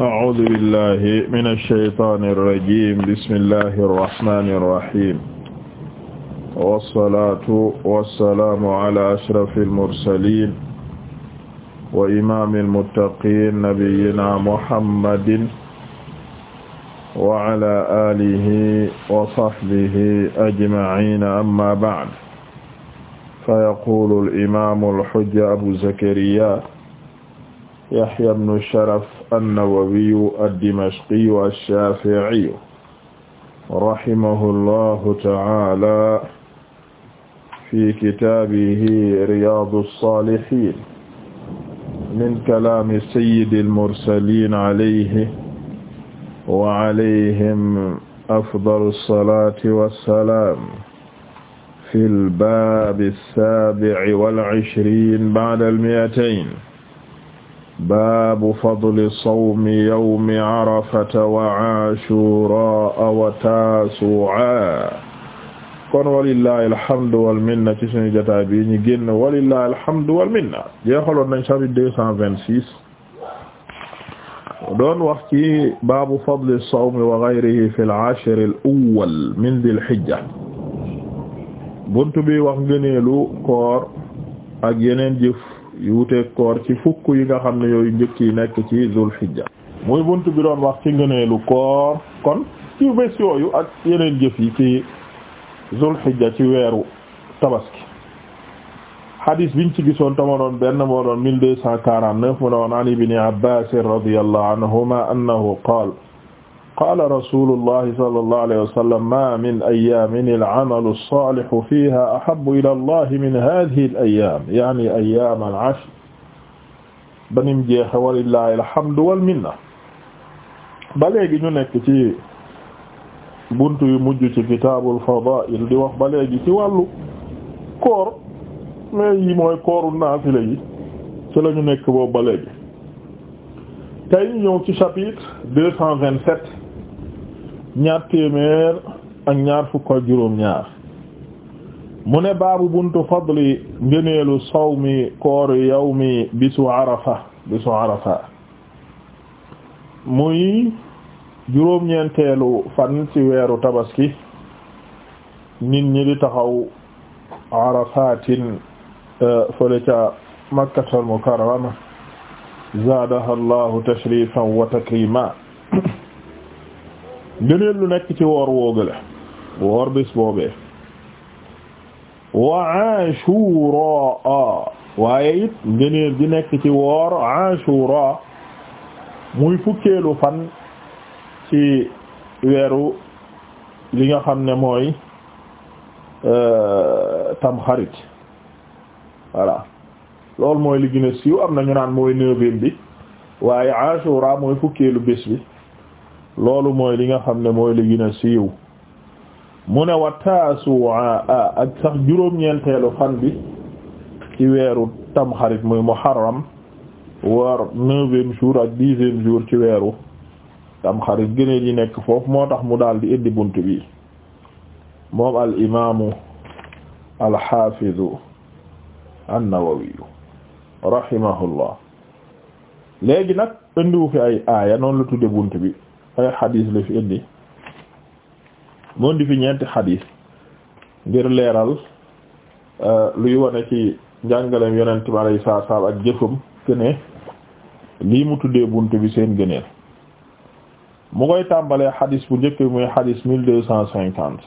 أعوذ بالله من الشيطان الرجيم بسم الله الرحمن الرحيم والصلاة والسلام على أشرف المرسلين وإمام المتقين نبينا محمد وعلى آله وصحبه أجمعين أما بعد فيقول الإمام الحجة أبو زكريا يحيى بن شرف an-Nawawiyu ad-Dimashqiyu ash-Shafi'iyu rahimahullahu ta'ala fi kitaabihi Riyaadu s-Saalihiin min kalaami sayyidil mursaliin alayhi wa alayhim afdalu s-salaati wa s-salaam fil baabi s-saabi'i wal ishriin ba'da l-mi'atayn baabu fadli sawmi yawmi arafata wa aashuraa wa taasuaa kon walillahi alhamdu wal minna ci suñu jotaay bi ñu génn walillahi alhamdu wal minna jeexaloon nañ chapitre deux cent vingt-six doon wax ci baabu fadli sawmi wa ghayrihi fil ashr al awwal min dhil hijja buntu bi wax ngëneelu koor ak yeneen jëf yu wuteeg koor ci fukk yi nga xam ne yooyu njëkk yi nekk ci zul hijja muy bunt bi doon wax ci ngëneelu koor kon ci bés yooyu ak yeneen jëf yi ci zul hijja ci weeru tabaski hadis biñ ci gisoon tama doon benn moo doon mille deux cent quarante neuf mu doon an ibni abbas radiyallahu anhuma annahu qaala qaala rasuulullahi sallallahu alayhi wa sallam maa min ayyaamin al-amalu as-saalihu fiihaa ahabbu ilaa Allahi min haadhihi al-ayyaam ya'nii ayyaam al-'ashr ba nim jeexe walillaahi alhamdu wal minna ba léegi ñu nekk ci buntu yu mujj ci kitaabul fadaa'il di wax ba léegi ci wàllu koor mais yi mooy kooru naafila yi ci la ñu nekk boobu ba léegi tey ñu ñëw ci chapitre deux cent vingt-sept ñaar téeméer ak ñaar fukk juróom ñaar mu ne baabu buntu fadli ngëneelu sawmi kooru yawmi bisu arafa bisu arafa muy juróom-ñeenteelu fan ci weeru tabaski nit ñi di taxaw arafatin euh, fële ca makkatal mukarrama zaadaha allahu tashrifan wa takrima ngëneel lu nekk ci woor la woor bis boobee wa ashura waaye it ngëneel bi nekk ci woor ashura muy fukkeelu fan ci weeru li nga xam ne mooy euh, tamxarit voilà loolu mooy li gën siiw am na ñu naan mooy neuvième bi waaye ashura mooy fukkeelu bis bi loolu mooy li nga xam ne mooy li gën siiw mu ne wa taasuwaa ak sax juróom-ñeenteelu fan bi ci weeru tamxarit muy muharram war neuvième jour ak dixième jour ci weeru tamxarit gënee di nekk foofu moo tax mu daal di indi bunt bi moom al imaamu al xaafizu an-Nawawi rahimahullah léegi nag indiwu fi ay aaya noonu la tudde bunt bi ay xadis la fi indi fi ñeenti xadis ngir leeral euh, luy wane ci njàngaleem yonent bi alayhi salaatu salaam ak lii mu tuddee bunt bi seen gëneel mu koy tàmbalee xadis bu njëkk muy xadis mille deux cent cinquante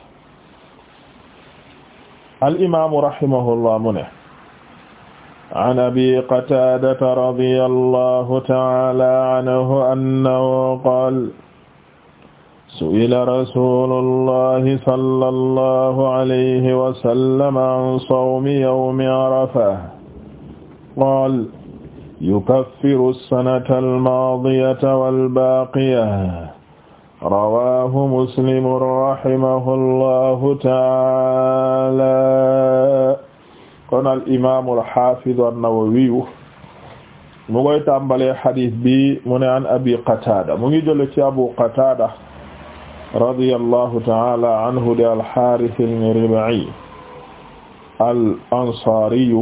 al imaamu mu ne an abi qataadata radiyallahu ta'ala anhu annahu su'ila rasuulullahi sallallahu alayhi wa sallam an sawmi yawmi arafa qaala yukaffiru as-sanata al-maadiyata wal-baaqiyata rawaahu muslimun rahimahullahu ta'aala kon al-imaamu al-haafidu an-nawawiyu mu ngoy tàmbalee xadiis bi mu ne an abi qataada mu ngi jële ci abu qataada radiyallahu ta'ala anhu de al-Haaris al-Rib'i al-Ansaariyu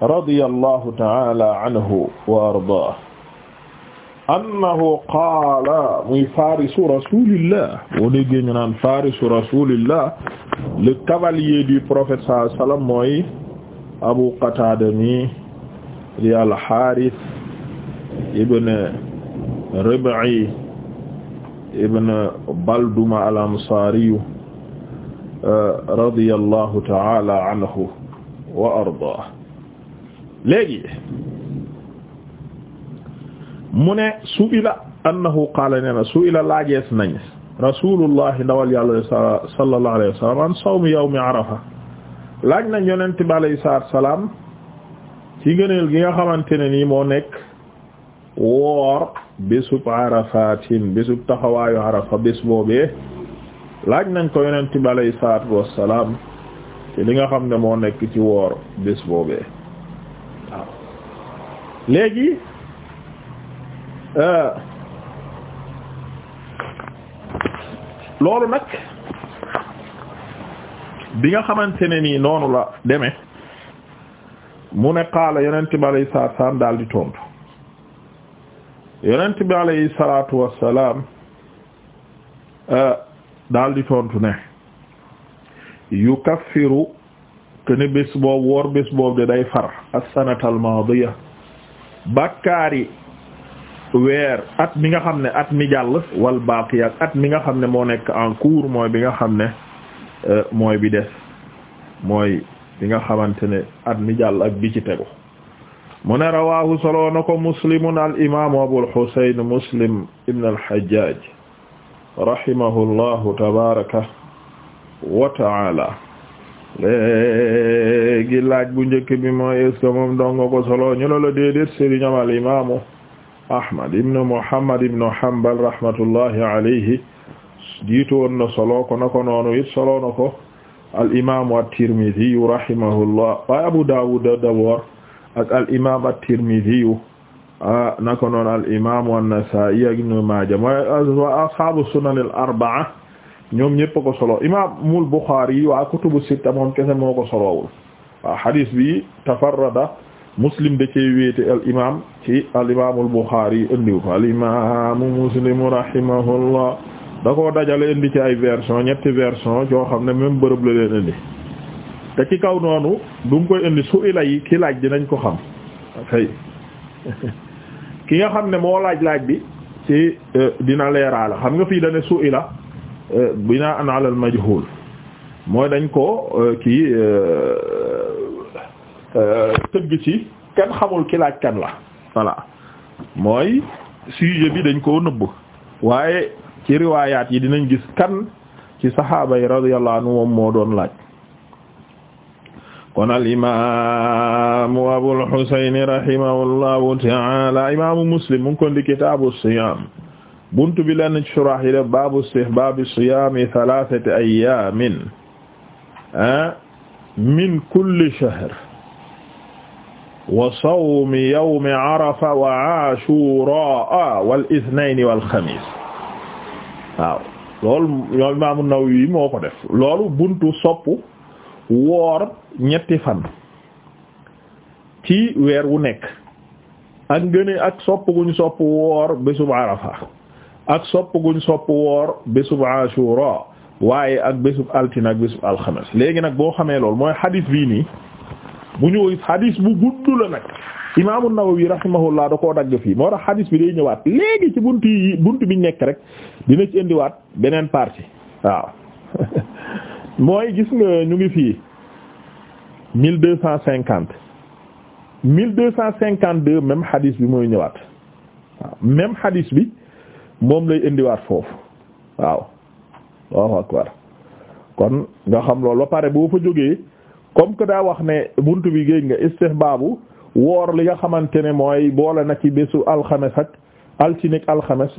radiyallahu ta'ala anhu wa ardaahu annahu qaala muy farisu rasulillah boo déggee ñu naan farisu rasulillah le cavalier du prophète sallallahu alayhi wa sallam mooy Abu Qatada mi di al-Haaris ibn Rib'i ibn Balduma al-Ansaariyu uh, radiyallahu ta'ala anhu wa ardaa léegi mu ne su'ila annahu qaala nee na su'ila laajees nañ rasuulullahi ndawal yàlla sallallahu alayhi wa sallam an sawmi yawmi arafa laaj nañ yonent bi alayhi salaam ci gëneel gi nga xamante ne nii moo nekk woor bésub arafatin bésub taxawaayu arafa bés boobee laaj nañ ko yonent bi alayhi salaatu wassalaam ci li nga xam ne moo nekk ci woor bés boobee waaw léegi euh, loolu nag bi nga xamante ne nii noonu la deme mu ne qaala yeneen bi alayhi salaatu wassalaam daal di tontu yonent bi alayhi salaatu wassalaam euh, daal di tontu ne yukaffiru kene bés boobu woor bés boobu de day far as-sanata al-maadiya bakkaari weer at mi nga xam ne at mi jàll wal baaqi ak at mi nga xam ne moo nekk en cours mooy bi nga xam ne euh, mooy bi des mooy bi nga xamante ne at mi jàll ak bi ci tegu mu ne rawaahu solo na ko muslimun al imaamu muslim ibn al hajjaj rahimahullahu tabaaraka wa ta'ala léegi laaj bu njëkk bi mooy est-ce moom dong ko solo ñu la déedéet sëriñam al imaamu ahmad ibn muhammad ibn hanbal rahmatullahi alayhi jiitu woon na solo ko na ko noonu solo na ko al imaamu at-tirmidhi rahimahullah abu dawud d'abord ak al imaam at-Tirmidhi naka noonu al imaam an-Nasaa'i ak Ibn Maaja mooy ashaabu sunan al arba'a ñoom ñëpp ko solo imaamul Buxaari waa kutubu sitta moom kese moo ko solowul waaw hadis bi tafarrada Muslim da cee wéete al imaam ci al imaamul Buxaari indiw ko al imaamu Muslim rahimahullah da koo dajale indi ci ay version ñetti version yoo xam ne même bërëb la leen indi. te ci kaw noonu du mu koy indi su ila yi ki laaj dinañ ko xam fay ki nga xam ne moo laaj laaj bi si euh, dina leeraale xam nga fii dane su ila euh, binaan ala al majhul mooy dañ ko euh, kii tëgg ci kenn xamul ki laaj kan la voilà mooy sujet bi dañ koo nëbb waaye ci riwaayaat yi dinañ gis kan ci saxaaba yi radiyallahu anhu moom moo doon laaj kon al imaamu Abul Husayn rahimahullahu ta'ala imaamu Muslim mu ngi ko di kitaabu siyaam buntu bi lenn ci surah yi def baabu istihbaabi siyaami thalathati ayyaamin ah, min kulli shahr wa sawmi yawmi arafa wa aashuuraa wal ithnayni wal xamiis waaw loolu ñoom imaamu Nawawi moo ko def loolu buntu soppu woor ñetti fan ci weer wu nekk ak ngëne ak sopp guñ sopp woor bésub arafa ak sopp guñ sopp woor bésub ashura waaye ak bésub altine ak bésub alxames léegi nag boo xamee lool mooy hadith bii nii bu ñu hadith bu gudd la nag imaamu Nawawi rahimahullah da ko dagg fii moo tax hadith bi day ñëwaat léegi ci buntu yi buntu bi nekk rek dina ci indiwaat beneen partie waaw mooy gis nga ñu ngi fii mille deux cent cinquante mille deux cent cinquante deux même hadith bi mooy ñëwaat même hadith bi moom lay indiwaat foofu waaw waaw akbar kon nga xam loolu ba pare boo fa jógee comme que daa wax ne buntu bi géej nga baabu woor li nga xamante ne mooy boole nag ci bésu alxames ak altine ak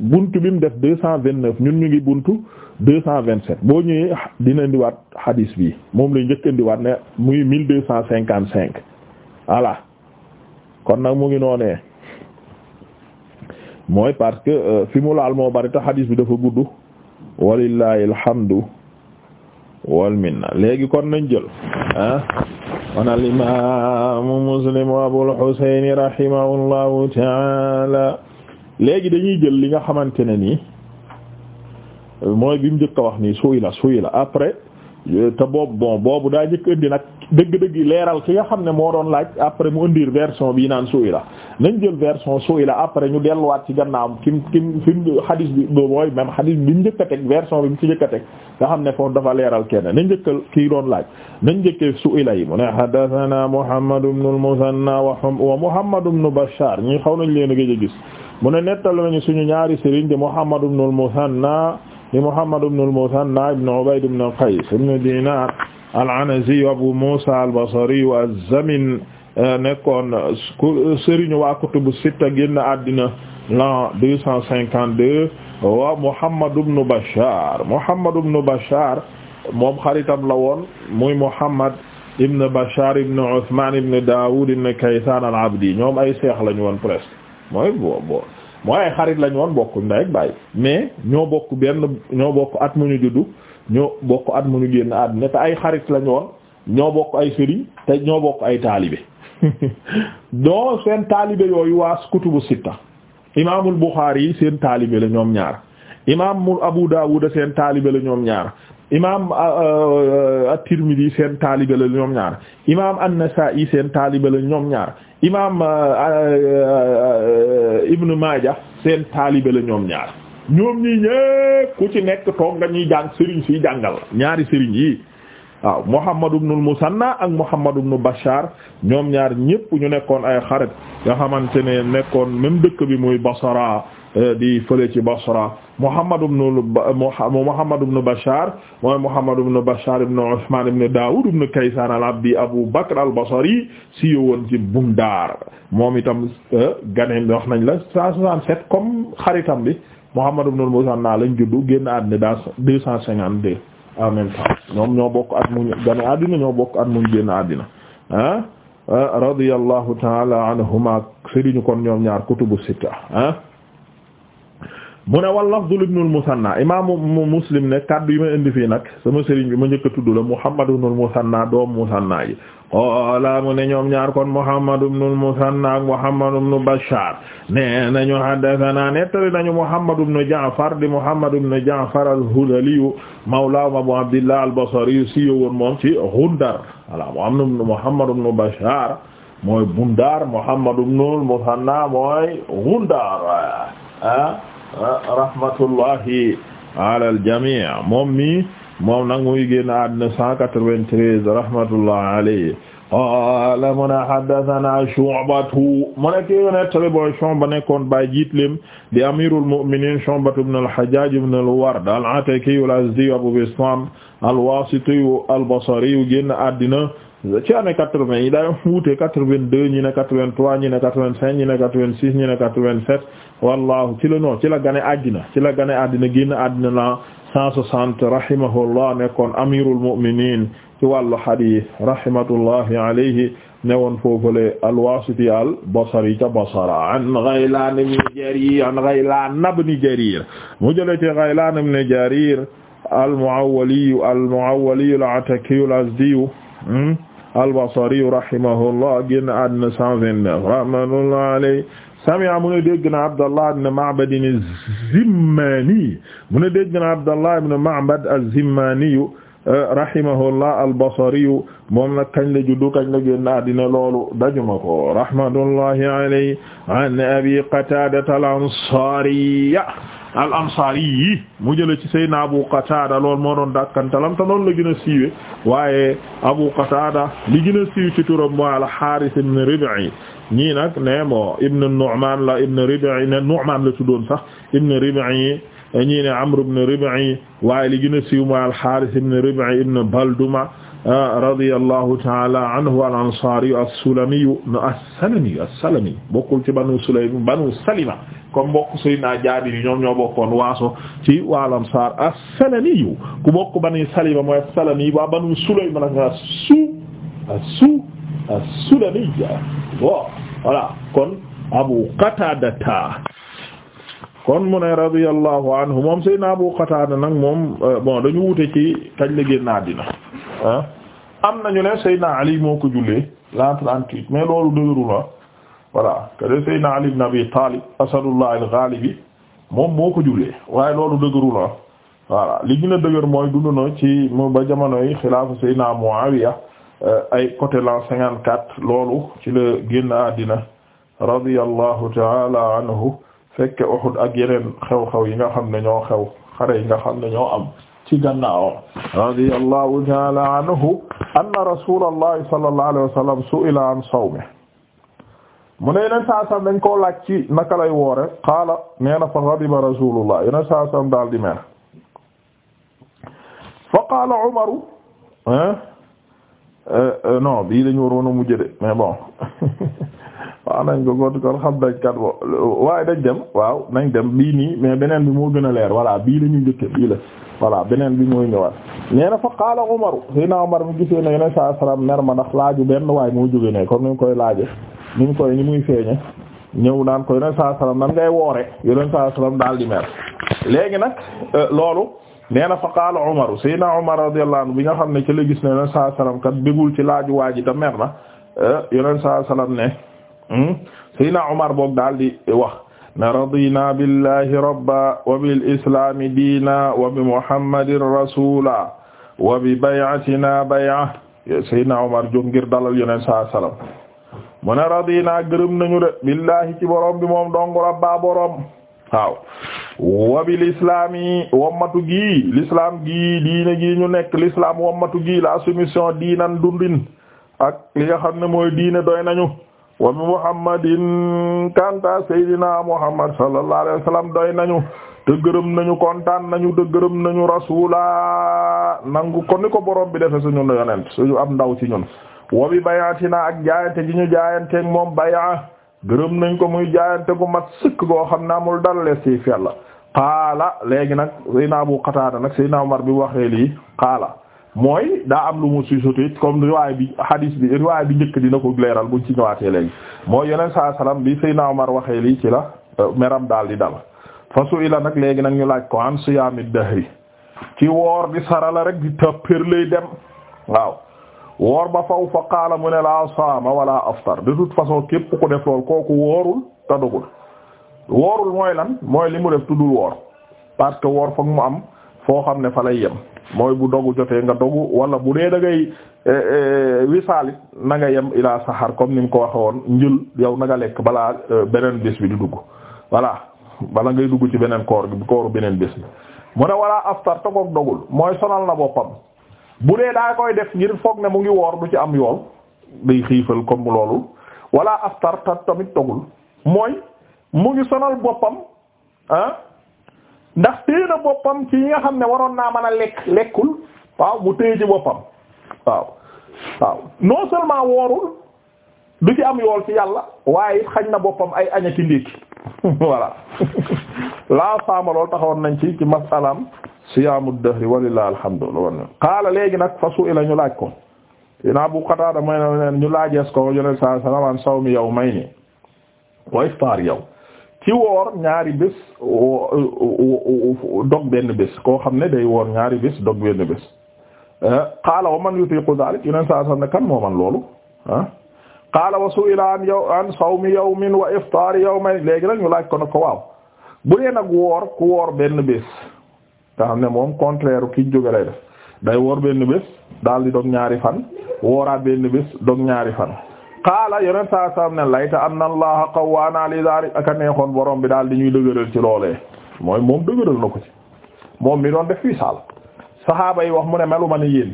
bunt buntu bi mu def deux cent ñun ñu ngi buntu deux vingt sept boo ñëwee dina indiwaat hadis bi moom lay njëkk ndiwaat ne muy mille deux cent cinquante cinq voilà kon nag mu ngi noonee mooy parce que euh, fi mu laal moo bari te hadis bi dafa gudd walillahi alhamdu wal minna léegi kon nañ jël ah kon al imaamu Muslim Abul Husayn rahimahullahu ta'ala léegi dañuy jël li nga xamante ne nii mooy bi mu njëkk a wax nii suy la suy la après te boobu bon boobu daa njëkk indi nag dëgg-dëgg leeral ki nga xam ne moo doon laaj après mu indi version bii naan suy la nañ jël version suy la après ñu delluwaat ci gannaaw kim kim fi mu xadis bi mooy même xadis bi mu njëkk a teg bi mu ci njëkk a teg nga xam ne foofu dafa leeral kenn nañ njëkkal kii doon laaj nañ njëkkee suy yi mu ne haddathana Muhammad ibn al-Muthanna wa Muhammad ibn Bashar ñi xaw nañ leen a gëj a mu ne nettal nañu suñu ñaari sëriñ di Muhammad ibn al-Muthanna di Muhammad ibn al-Muthanna ibn Ubayd ibn Qays ibn Dinar al-Anazi Abu Musa al-Basri az-Zamin eh, nekkoon eh, eh, sëriñ waa kutubu sitta génn àddina l'an deux cent cinquante-deux wa Muhammad ibn Bashar Muhammad ibn Bashar moom xaritam la woon muy Muhammad ibn Bashar ibn Uthman ibn Dawud ibn Kaysan al-Abdi ñoom ay seex lañu woon presque mooy boo mooy ay xarit lañ woon bokk ndey ak mais ñoo bokk benn ñoo bokk at mu ñu juddu ñoo bokk at mu ñu génn àddina te ay xarit lañ woon ñoo bokk ay sëriñ te ñoo bokk ay taalibe donc seen taalibe yooyu waa kutubu sitta imaamul Buxaari yi seen taalibe la ñoom ñaar imaamul Abu Daawuda seen taalibe la ñoom ñaar imaam at-Tirmidi seen taalibe la ñoom ñaar imaam an-Nasaa'i seen taalibe la ñoom ñaar imaam euh, euh, euh, Ibn Maaja seen taalibe la ñoom ñaar ñoom ñii ñépp ku ci nekk toog nga ñuy jàng sëriñ si jàngal ñaari sëriñ yi waaw Muhammad ibn al-Musanna ak Muhammad ibn Bashar ñoom ñaar ñépp ñu nekkoon ay xarit nga xamante ne nekkoon même dëkk bi muy Basra di fële ci Basra Muhammad ibn Muhammad ibn Bashar mooy Muhammad ibn Bashar ibn Usman ibn Dawud ibn Kaysan al-Abdi Abu Bakr al-Basri si woon ci Bundar moom itam euh, ganeem wax nañ la 167 comme xaritam bi Muhammad ibn al-Musanna lañ juddu génn àddina daa 252 en même temps ñoom ñoo bokk at mu gane àddina ñoo bokk at mu génn àddina ah radiyallahu ta'ala anhuma sëriñu kon ñoom ñaar kutubu sitta mu ne wal lafdul ibnul musanna imaamu muslim ne kaddu yi ma indi fii nag sama sëriñ bi ma njëkk tudd la mu ibnul musanna doom musanna yi qala mu ne ñoom ñaar kon muhammad ibnul musanna ak muhammad ibnu bashar ne nañu haddathana nettali nañu muhammad ibnu ja'far di muhammad mu ja'far al-hudali mawlaahum abu abdillah al-basri si woon moom ci gundar voilà mu am na muhammad ibnu bashar mooy bundar muhammad ibnul rahmatullahi ala al-jami' moom mi moom nag muy génn àddina 193 rahmatullahi alayhi qaala mu ne haddathana Shu'batu mu ne kii nettali booy Shu'ba nekkoon baay jiitlem di amirul mu'minin Shu'ba ibn al-Hajjaj ibn al-Ward al-Ataki al-Azdi Abu Bistam al-Wasiti al-Basri génn àddina ci année quatre-vingt yi daa wuute quatre-vingt-deux ñi ne quatre-vingt-trois ñi ne quatre-vingt-cinq ñi ne quatre-vingt-six ñi ne quatre-vingt-sept wallahu ci la noo ci la gane àddina ci la gane àddina génn àddina la cent soixante rahimahullah nekkoon amirul mu'minin ci wàllu hadith rahmatullahi alayhi newoon foofule al-Wasiti al-Basri ca Basra an Ghaylan ibn Jarir an Ghaylan ibn Jarir mu jëlee ci Ghaylan ibn Jarir al-Mu'awwali al-Mu'awwali al-Ataki al-Azdi hmm? al-Basri rahimahullah génn àddina 129 rahmatullahi alayhi sami'a mu ne dégg na Abdallah ibn Ma'bad az-Zimmani mu ne dégg na Abdallah ibn Ma'bad az-Zimmani rahimahullah al-Basri moom nag kañ la juddu kañ la génn àddina loolu dajuma ko rahmatullahi alayhi an Abi Qatada al-Ansari al ansaari yi mu jële ci Seydina Abu Qatada lool moo doon dakkantalam te noonu la gën a siiwe waaye Abu Qatada li gën a siiw ci turam mooy al Haaris ibn Rib'i ñii nag ne moo ibn Nu'man la ibn Rib'i ne Nu'man la tuddoon sax ibn Rib'i ñii ne Amr ibn Rib'i waaye li gën a siiw mooy al Haaris ibn Rib'i ibn Balduma ah, radiyallahu ta'ala anhu al ansaari as-Sulami as-Salami as-Salami bokkul ci banu Sulaym banu Salima comme mbokk Seydina Jaabir yi ñoom ñoo bokkoon waaso ci waalam saar as-Salami yu ku bokk Bani Salima mooy as-Salami waa Banu Sulaym ma a su su as-Sulami bon voilà kon Abu Qataadata kon mu ne radiyallahu anhu moom Seydina Abu Qataada nag moom euh, bon dañu wute ci kañ la génn àddina am nañu ne Seydina Ali moo ko jullee l'an 38 mais loolu dëgëru la voilà kede Seydina Ali ibn Abi Talib asadullah al-Ghalibi moom moo ko waaye loolu dëgëru la ah voilà li gën a dëgër mooy dund ci mu ba jamonoy xilaafu Seydina Muawiya euh, ay côté l'an cinquante quatre loolu ci la génn àddina radiyallahu taala anhu fekke Uhud ak yeneen xew-xew yi nga xam ne ñoo xew xare yi nga xam ne ñoo am ci gannaawam radiyallahu taala anhu anna rasulallahi sallallahu alayhi wa sallam su'ila an sawmihi mu ne yeneen saa dañ koo laaj ci naka lay woore xaala nee na fa ghadiba rasulullah yeneen saa sam daal di mer fa qaala umaru eh, eh, non bii dañu waroon a mujj de mais bon waaw nañ ko góor kon xam nañ kat bo waaye dañ dem waaw nañ dem bii nii mais beneen bi moo gën a leer voilà bii la ñu njëkk bii la voilà beneen bi mooy ñëwaat nee na fa qaala umaru Seydina Umar mi gisee ne yeneen saa salaam mer ma ndax laaju benn waaye moo jóge ne comme ni ñu koy laaje ni mu koy ni muy feeñe ñëw naan ko yoneen saa salaam nan ngay woore yoneen saa salaam daal di mer léegi nag euh, loolu nee na fa qaala Umar Seydina Umar radiyallahu anhu bi nga xam ne ci la gis ne yoneen saa salaam kat bégul ci laaju waa ji te mer na euh, yoneen saa hmm, boog daal di wax ne radina billahi rabba wa bil islami diina wa bi muhammadin rasula wa bi bay'atina bay'a Seydina Umar jóg ngir dalal yoneen saa salaam mu ne radina gërëm nañu de billahi ci borom bi moom dong rabba borom waaw wabil islam yi wommatu gii lislaam gii diine gii ñu nekk l'islam wommatu gii la soumission diinan dundin ak li nga xam ne mooy diine doy nañu wa bi muhammadin kanta seydina muhammad sallallahu alayhi wa doy nañu te gërëm nañu kontaan nañu te gërëm nañu rasula nangu kon ni ko borom bi defe suñu yonent suñu am ndaw ci ñun wa bi naa ak jaayante gi ñu jaayanteeg moom baya gërëm nañ ko muy jaayante gu mat sikk goo xam ne amul dara lees ci fella qaala léegi nag naa Abu Qatada nag Seydina Umar bi waxee lii qaala mooy daa am lu mu si sotti comme riwaay bi hadis bi riwaay bi njëkk dina ko leeral buñ ci ñëwaatee léegi mooy yeneen saa salaam bi Seydina Umar waxee lii ci la euh, meram daal di dal fasu ila nag léegi nag ñu laaj ko an siyaamid dahri ci woor di sarala rek di tëppër lay dem woor ba faw fa mu ne la saama wala aftar de toute façon képp ku def lool kooku woorul te dogul woorul mooy lan mooy li mu def tuddul woor parce que woor foog mu am foo xam ne fa lay yem mooy bu dogu jotee nga dogu wala bu dee da ngay eh, eh, wisaalit na nga yem ilaa saxaar comme ni mu ko waxe woon njël yow na nga lekk balaa eh, beneen bés bi di dugg voilà bala ngay dugg ci beneen koor bi kooru beneen bés bi mu ne wala aftar te koog mooy sonal na boppam bu dee daa koy def ngir foog ne mu ngi woor du ci am yool day xiifal comme loolu wala aftar ta tamit togul mooy mu ngi sonal boppam ah ndax téye na boppam ci yi nga xam ne waroon naa mën a lekk lekkul waaw mu téye ci boppam waaw waaw non seulement woorul du ci am yool ci yàlla waaye it xañ na boppam ay aña ci ndékki voilà laa faama lool taxawoon nañ ci ci masalaam siyaamu dahri walillahi alhamdu qaala léegi nag fasu ila ñu laaj ko ina Abu Qataada may ñu laajees ko yonent sallallahu alayhi wa sallam an sawmi yawmayni wa iftaar yow ci woor ñaari bés dog benn bés koo xam ne day woor ñaari bés dog benn bés qaala wa man yutiqu dhalik yonent sallallahu alayhi wa sallam ne kan moo man loolu ah qaala wa su'ila an yow an wa iftaar yawmayn léegi nag ñu laaj ko nag ko waaw bu dee woor ku woor benn bés nga xam ne moom contraire ki jóge lay def day woor benn bés daal di dog ñaari fan wooraat benn bés dog ñaari fan qaala yeneen saa saam ne layta anna allaha qawwaana li daari aka neexoon borom bi daal di ñuy dëgëral ci loole mooy moom dëgëral na ko ci moom mi doon def fii saal saxaaba yi wax mu ne ma ni yéen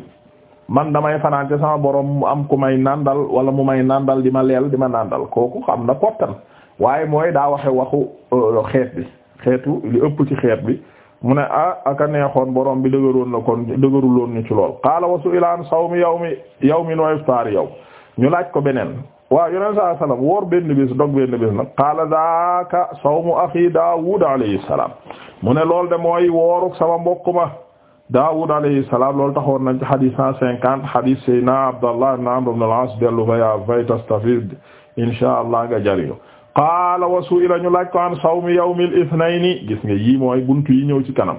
man damay fanaan ca sama borom mu am ku may nàndal wala mu may nàndal di ma leel di ma nandal kooku xam na kottan waaye mooy daa waxe waxu euh, xeet xeetu li ëpp ci xeet bi mu ne ah aka neexoon borom bi dëgëroon na kon dëgëruloon ni ci lool qaala wa su'ila an sawmi yawmi yawmin wa iftaar yow ñu laaj ko beneen waaw yoneen saa salaam woor benn bis dog benn bis nag qaala daaka sawmu axi daawud alayhi salaam mu ne lool de mooy wooruk sama mbokk ma daawud alayhi salaam loolu taxoon nañ ci hadith cent cinquante hadith sayna abdallah ibn amr ibn as dellu fa yaa fay tastafiid inshaa Allah nga qaala wa su'ila ñu laaj ko an sawmi yawmil ithnayni gis nga yii mooy buntu yi ñëw ci kanam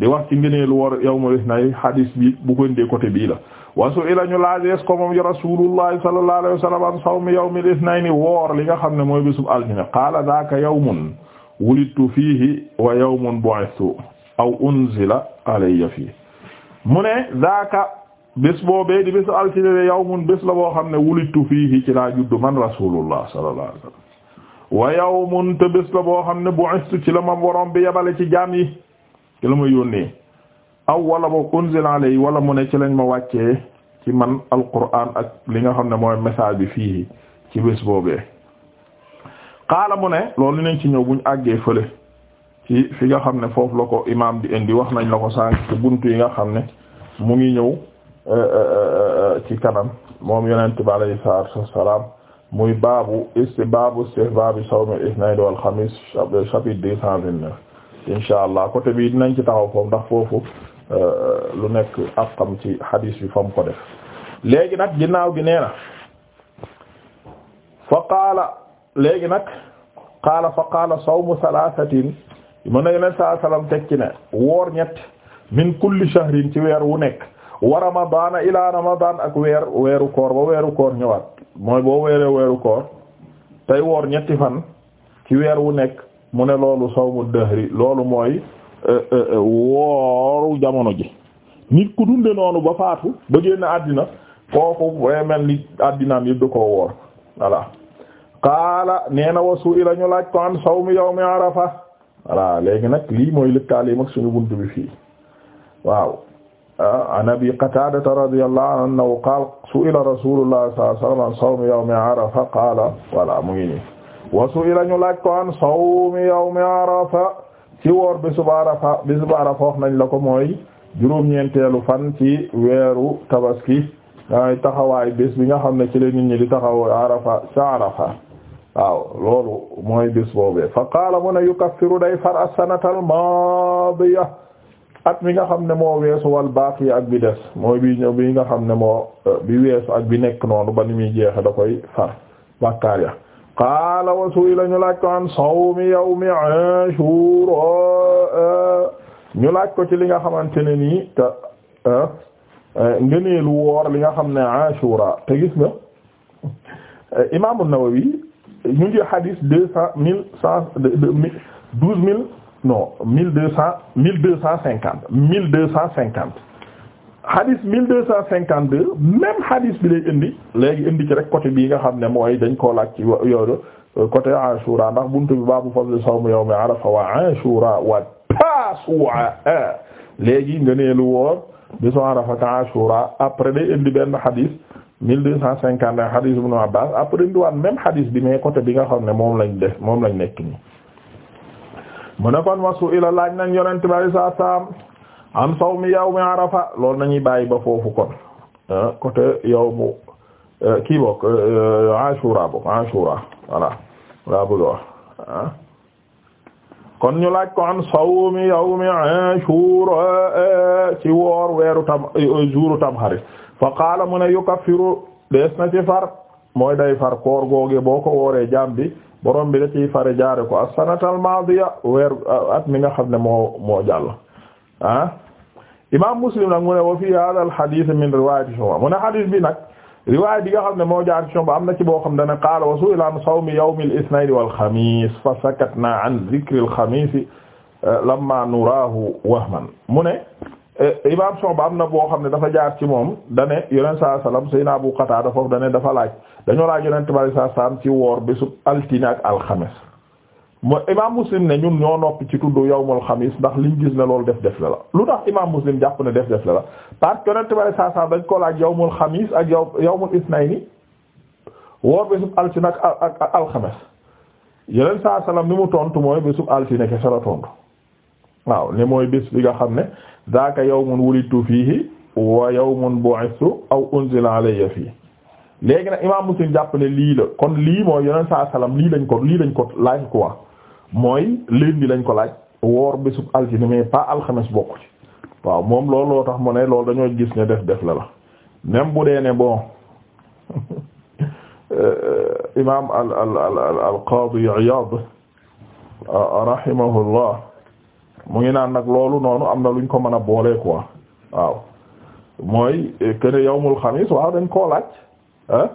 di wax ci lu woor yawmul ithnayni hadis bi bu ko indee côté bii la wa su'ila ñu ko moom rasulullahi sallallahu alayhi wa sallam an sawmi yawmil ithnayni woor li nga xam ne mooy bésub altine qaala daaka yawmun wulidtu fiihi wa yawmun bu'ithtu aw unzila alayya fiihi mu ne bo bés boobee di bésu altine yawmun bés la boo xam ne wulidtu fiihi ci laa juddu man rasulullah sallallahu wa yawmun te bés la boo xam ne bu'istu ci la ma borom bi yabale ci jaam yi ci la ma yónnee aw wala boog unzila alay wala mu ne ci lañ ma wàccee ci man alquran ak li nga xam ne mooy message bi fii ci bés boobee xaala mu ne loolu nañ ci ñëw buñ àggee fële ci fi nga xam ne foofu la ko imaam di indi wax nañ la ko sànq ci bunt yi nga xam ne mu ngi ñëw eh, eh, eh, ci kanam moom yonent bi alayhi salaatu wassalaam muy baabu isti baabu istihbaabi sawmi isnayni wal xamis chapitre deux cent vingt neuf insha allah côté bi dinañ ci taxaw foofu ndax foofu euh, lu nekk ak ci hadis bi fam ko def léegi nag ginnaaw gi nee fa qaala léegi nag qaala fa qaala sawmu thalathatin mën na yeneen saa sallam teg ci ne woor ñett min kulli shahrin ci weer wu nekk wa ramadana ila ramadan ak weer weeru koor ba weeru koor ñëwaat mooy boo weeree weeru koor tey woor ñetti fan ci weer wu nekk mu ne loolu sawmu dëhri loolu mooy e, e, e, wooru jamono ji nit ku dunde noonu ba faatu ba génn àddina kooku way mel ni àddinaam yëpp da ko woor voilà qaala nee na wasu i la ñu laaj ko an sawmi yawmi arafa voilà léegi nag lii mooy lëkkaale mag suñu buntu bi fii waaw an abi qataadata radiyallahu anhu qaala su'ila rasuulullahi sallallahu alayhi wa sallam an sawmi yawmi arafa qaala voilà mu ngi nii wa su'ila ñu laaj ko an sawmi yawmi arafa ci woor bésub arafa bésub nañ la ko mooy juróom-ñeenteelu fan ci weeru tabaski ay taxawaay bés bi nga xam ne ci la nit ñi di taxaw arafa ca arafa loolu mooy bés boobee fa qaala mu ne yukaffiru day far as-sanata al at mi nga xam ne moo weesu wal yi ak bi des mooy bi ñëw bi nga xam ne moo euh, bi weesu ak bi nekk noonu ba ni muy jeexe da koy far bàkkaar ya qaala wa su'ila ñu laaj ko an sawmi yawmi ashura euh, ñu laaj ko ci li nga xamante ne nii te euh, ngëneelu woor li nga xam ne ashura te gis nga imaamu Nawawi ñu ngi xadis deux cent mille cent douze mille non mille deux cent mille deux cent cinquante mille deux cent cinquante hadis mille deux cent cinquante deux même hadis bi lay indi léegi indi ci rek côté bii nga xam ne mooy dañ koo yo ci yooyu euh, côté Ashura ndax buntu bi baabu fadl sawm yawmi Arafa wa Ashura wa Tasu'a léegi nga neelu woor bisu Arafa ka Ashura après day indi benn hadis mille deux cent cinquante hadis Ibn Abbas après indi waat même hadis bi mais côté bi nga xam ne moom lañ def moom lañ nekk mu ne kon wasu ila laaj nañ yonent bari saa saam am sawmi yawmi arafa loolu nañuy bàyyi ba foofu kon euh, côté yawmu euh, kii bokk euh, ashura bokk ashura voilà laa ah. kon ñu laaj ko an sawmi yawmi ashura ci woor weeru tam jouru tam xarit fa qaala mu ne yukaffiru dees na ci far mooy day far koor googe boo ko wooree jaam bi borom bi da ciy fare jaare ko as-sanatal maadiya weer at mi nga xam ne moo moo jàll ah imam muslim nag mu ne wa fi hada al hadith min riwayati Shu'ba mu ne hadith bi nag riwaay bi nga xam ne moo jaar ci Shu'ba am na ci boo xam ne ne qaala wa su'ila an sawmi yawmi al-ithnayn wal-khamis fa sakatna an dhikri al-khamis lamma nurahu wahman mu ne Eh, imam Shu'ba am na boo xam ne dafa jaar ci moom dane yonent saa sallam Seydina Abu Qatada foofu dane dafa laaj dañoo laaj yonent bari saa sallam ci woor bésu altine ak alxames moo imam Muslim ne ñun ñoo noppi ci tudd yawmul xamis ndax liñ gis ne loolu def def la lu tax imam Muslim jàpp ne def def la la parce que yonent bari saa dañ ko laaj yawmul xamis ak yow yawmul isnayni woor bésu altine ak ak alxames yonent saa sallam ni mu tontu mooy bésu altine kese la tontu waaw ne mooy bés bi nga xam ne zaaka yawmun wulidtu fiihi wa yawmun bu'ithtu aw unzila alayya fii léegi nag imaam Muslim jàpp ne lii la kon lii mooy yeneen saa salaam lii lañ ko lii lañ ko laaj quoi mooy lundi lañ ko laaj woor bésub altine mais pas alxames bokku ci waaw moom lool loo tax mu ne loolu dañoo gis ne def def la la même bu dee ne bon imaam al al al al al qaadi Iyaad rahimahullah mu ngi naan nag loolu noonu am na lu ñu ko mën a boole quoi waaw mooy kene eh, yawmul xamis waaw dañ koo laaj ah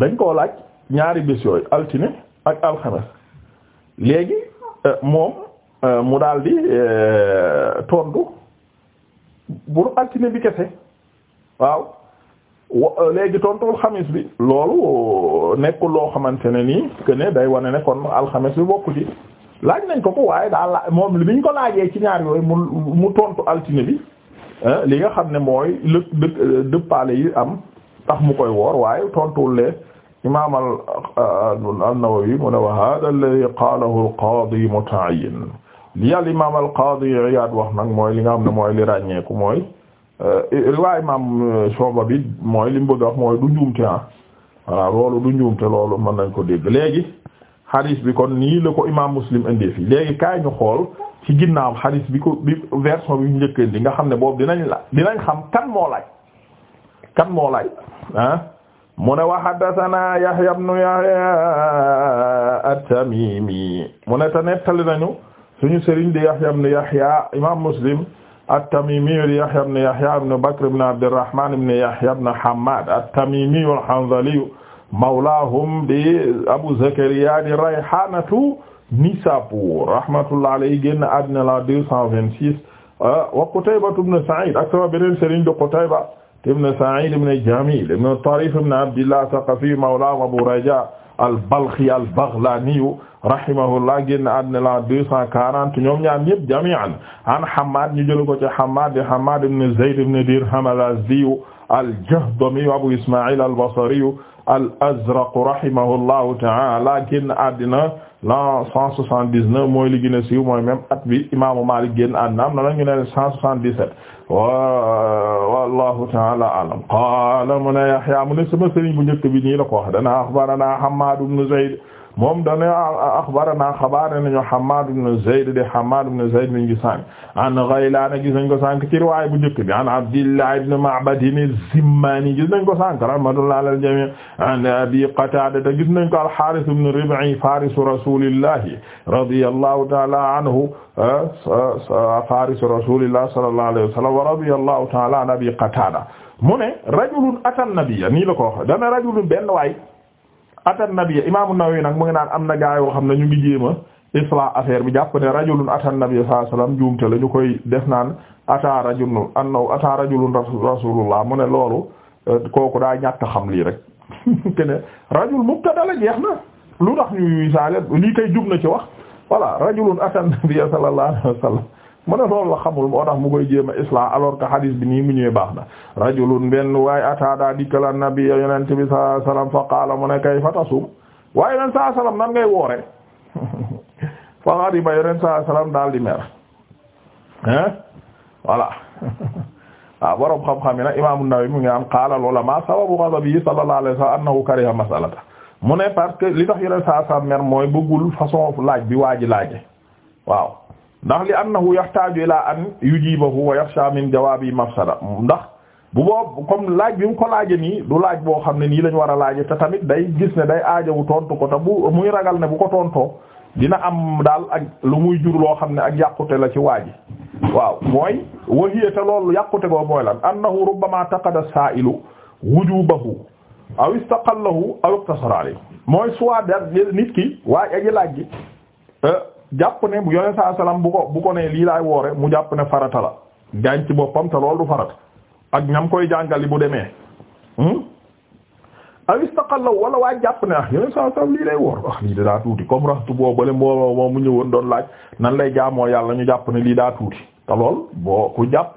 dañ koo laaj ñaari bés yooyu altine ak alxames léegi eh, moom eh, mu daal di tontu pour altine bi kese waaw léegi tontuwul xamis bi loolu nekkul loo xamante ne nii que day wane ne kon alxames bi bokku ci laaj nañ ko ko waaye daal la moom li biñ ko laajee ci ñaar yooyu mu mu tontu altine bi li nga xam ne mooy lë dë dëppaale yi am tax mu koy woor waaye tontuwul le imaam euh, an-Nawawi mu ne wa hada alladhi qaalahu al-qaadi muta'ayyin li al imaam al-qaadi Iyaad wax nag mooy li nga xam ne mooy li ràññeeku mooy euh, riwaay imaam Shu'ba bi mooy li mu mooy du njuumte ah voilà loolu du njuumte loolu mën nañ ko dégg léegi hadis bi kon nii la ko imaam muslim indee fii léegi kaay ñu xool ci ginnaaw hadis bi ko bi version bi ñu njëkk indi nga xam ne boobu dinañ la dinañ xam kan moo laaj kan moo laaj ah mu ne wa haddathana Yahya ibn Yahya at-Tamimi mu ne te nettali nañu suñu sëriñ di Yahya ibn Yahya imaam muslim at Yahya ibn Yahya ibn Bakr ibn Abdurrahman Yahya ibn Hammad at-Tamimi al mawlaahum di Abu Zakariya di Rayhaanatu Nisaapuur rahmatullah alayhi génn àddina la deux cent vingt-six wa Qutayba ibn Sa'iid ak sama beneen sëriñ di Qutayba ibn Sa'iid ibn Jamiil ibn Tariif ibn Abdillah Saqafi mawlaahum Abu Rajaa al-Balkhi al-Baghlaani rahimahullah génn àddina la deux cent quarante ñoom ñaar ñëpp jamii'an an Hammaad ñu jël ko ci Hammaad di Hammaad ibn Zayd ibn Dirham al-Azdi al-Jahdami Abu Isma'il al-Basri al-Azraq rahimahullahu ta'ala génn àddina l'an 179 mooy li gën a siiw mooy même at bi imaamu Maalik génn àddina am na la ñu ne 177 wallahu ta'ala a'lam qaala mu ne Yahya mu ne sama sëriñ bu njëkk bi nii la ko wax dana akhbarana Hammaad ibn Zayd moom dane axbarana xabaar nañu Hammad ibn Zayd de Hammad ibn Zayd min gisan an Ghaylaan gis nañ ko sànq ci riwaaya bu njëkk bi an Abdillah ibn Ma'bad az-Zimmaani gis nañ ko sànq rahmatullah alal jamii' an Abi Qataada te gis nañ ko al-Haaris ibn Rib'i faarisu Rasuulillah radiyallahu ta'ala anhu eh, eh, eh, faarisu Rasuulillah sallallahu alayhi wa sallam wa radiyallahu ta'ala an Abi Qataada mu ne rajulun ata an-nabiyya nii la ko wax dana rajulun benn waay atan nabiya imaamu Nawawi nag mu ngi naan am na gaa yoo xam ne ñu ngi jéema isla affaire bi jàpp ne rajulun atan nabiya sallallahu alayhi wasallam juumte la ñu koy def naan ata rajulun annahu ata rajulun rasulullah mu ne loolu euh, kooku daa ñàkk xam lii rek te ne rajul mubtada la jeex na lu tax ñuy saale lii kay jub na ci wax voilà rajulun atan nabiya sallallahu alayhi wasallam mu ne loolu la xamul moo tax mu koy jéem a islam alors que hadis bi nii mu ñëwee baax na rajulun benn waaye ataada dikkal annabi yonent bi sallallahu alayhi wasallam fa qaala mu ne kayfa tasum waaye yonent sallallahu alayhi wasallam nan ngay woore fa ghadiba yonent sallallahu alayhi daal di mer hein voilà waaw borom xam-xam yi nag imaamu Nawawi mu ngi am qaala loola ma sababu ghadabi sallallahu alayhi wasallam annahu kariha mas'alata mu ne parce que li tax yonent sallallahu alayhi mer mooy bëggul façon laaj bi waa ji ndax li annahu yaxtaaju ila an yujibahu wa yaxsha min jawaabi mafsada ndax bu boobu comme laaj bi mu ko laaj nii du laaj boo xam ne nii lañu war a laaje te tamit day gis ne day aaja wu tontu ko te bu muy ragal ne bu ko tontoo dina am daal ak lu muy jur loo xam ne ak yàqute la ci waaji waaw mooy wahiya te lool yàqute goo mooy lan annahu rubbama taqada saa'ilu wujubahu aw istaqallahu aw iqtasara alayhi mooy soit da nit ki waaye aji laaj gi jàpp ne bu yoneen saa bu ko bu ko nee lii laay woore mu jàpp ne farata la gaañ ci boppam te loolu du farata ak ñam koy jàngali bu demee hmm? aw istaqalla wala waa jàpp ne ah yoneen saa salaam lii lay ah, mu ñëwoon doon laaj nan lay jaamoo yàlla ñu jàpp ne lii daa tuuti te lool boo ku jàpp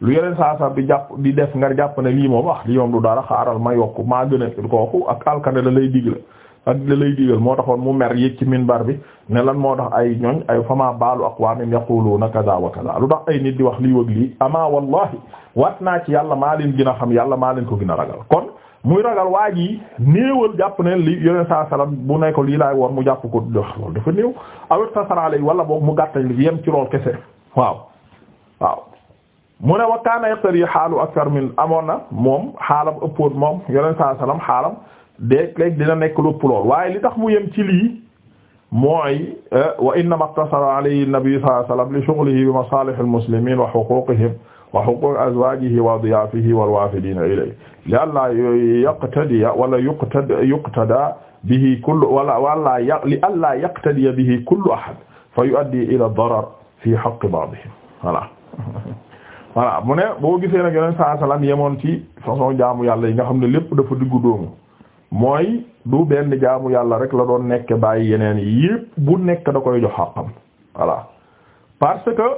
lu yeneen saa bi jàpp di def nga jàpp ne lii moom ah lii moom du dara xaaral ma yokk maa gën kooku ak alkane la lay digle ak la lay digal moo taxoon mu mer yéeg ci min minbar bi ne lan moo tax ay ñoñ ay fama baalu aqwaamin yaquluuna kaza wa kaza lu tax ay nit di wax lii wëg lii ama wallahi waat naa ci yàlla maa leen gën a xam yàlla maa leen ko gën a ragal kon muy ragal waa ji néewal jàpp ne li yoneen saa salaam bu ne ko lii laay woon mu jàpp ko wax loolu dafa néew awet sasaralay wala boog mu gàttañ li yem ci lool kese waaw waaw mu ne wa kaana yaqtari xaalu amoon na moom xaalam ëppoon moom yoneen saa salaam léeg-léeg dina nekk lépp lool waaye li tax mu yem ci lii mooy eh, wa innama iqtasara alayhi an-nabi sallallahu alayhi wa sallam li shughlihi bi masalih al-muslimin wa huquqihim wa huquq azwajihi wa diyafihi wal wafidina ilayhi li alla yaqtadiya wala yuqtada yuqtada bihi kullu wala wala li alla yaqtadiya bihi kullu ahad fa yu'addi ila ad-darar fi haqqi ba'dihim voilà voilà mu ne boo gisee nag yeneen saa salaam yemoon ci façon jaamu yàlla yi nga xam ne lépp dafa diggu doomu mooy du benn jaamu yàlla rek la doon nekk bàyyi yeneen yi yépp bu nekk da koy jox xàqam voilà parce que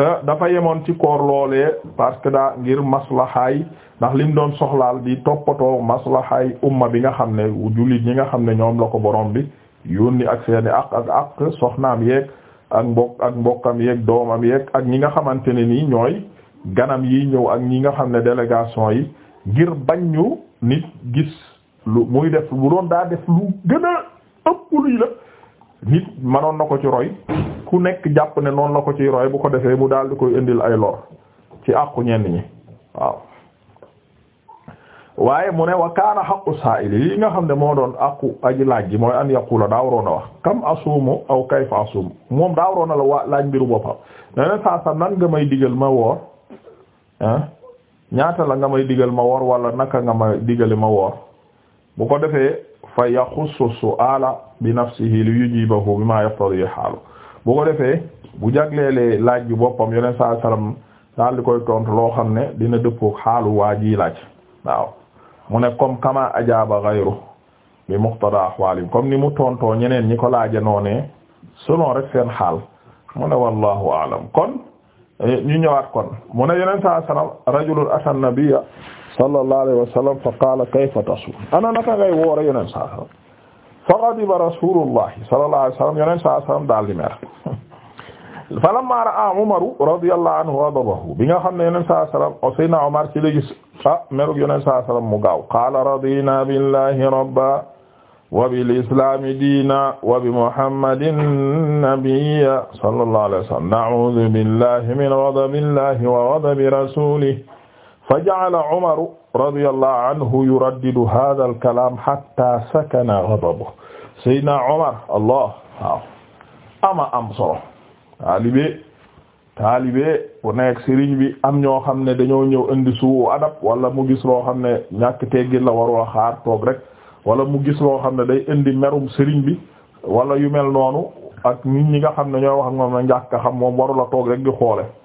euh, dafa yemoon ci koor loole parce que daa ngir maslahaay ndax liñ doon soxlaal di toppatoo maslahaay umma bi nga xam ne jullit ñi nga xam ne ñoom la ko borom bi yónni ak seeni ak ak soxnaam yeeg ak mbokk ak mbokkam yeeg doomam yeeg ak ñi nga xamante ne nii ñooy ganam yi ñëw ak ñi nga xam ne délégation yi ngir bañ ñu nit gis lu muy def bu doon daa def lu gën a ëpp lii la nit manoon na ko ci roy ku nekk jàpp ne noonu la ko ci roy bu ko defee mu daal di koy indil ay lor ci àqu ñenn ñi waaw waaye mu ne wax kaana xaqu saa'ili lii nga xam ne moo doon àqu aji laaj ji mooy an yaqula daa waroon a wax kam asuumu aw kayfa asuum moom daa waroon la waa laaj mbiru boppa ne ne saa sa nan nga may digal ma woor ah ñaata la nga may digal ma woor walla naka nga ma digale ma woor bu ko defee fa yaxussu su'ala bi nafsihi ma yujibahu bima yaqtadi xaalu bu ko defee bu jagleelee laaj bi boppam yeneen saa salaam daal di koy tontu loo xam ne dina dëppook xaalu waa ji laaj waaw mu ne comme kama ajaaba ghayru bi muqtada ahwaalim comme ni mu tonto ñeneen ñi ko laaja noonee selon rek seen xaal mu ne wallahu aalam kon eh, ñu ñëwaat kon mu ne yeneen salaam rajulun atan nabiyya sallallahu alayhi wa sallam fa qaala kayfa tasum ana naka ngay woore yoneen saa sallam fa ghadiba rasulullahi sallallahu alayhi wa sallam yoneen saa sallam daal di mer falamma ra'a Umaru radiyallahu anhu ghadabahu bi nga xam ne yoneen saa sallam Seydina Omar ci la gis ah merug yoneen saa sallam mu gaaw qaala radina billahi rabba wa bil islami diina wa bi muhammadin nabiyya sallallahu alayhi wa sallam na'udhu billahi min ghadabillahi wa ghadabi rasulihi fa ja'ala Umaru radiyallahu anhu yuraddidu haadha al-kalaam hattaa sakana ghadabuhu Seydina Omar Allah waaw ama am solo taalibe taalibe bu nekk sëriñ bi am ñoo xam ne dañoo ñëw indi suu adab wala mu gis loo xam ne ñàkk teggin la waroo xaar toog rek wala mu gis loo xam ne day indi merum sëriñ bi wala yu mel noonu ak nit ñi nga xam ne ñoo wax ak moom na ñàkk xam moom warula toog rek di xoole